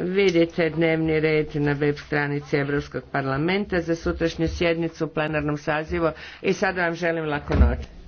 Vidite dnevni red na web stranici Europskog parlamenta za sutrašnju sjednicu u plenarnom sazivu i sada vam želim laku noć.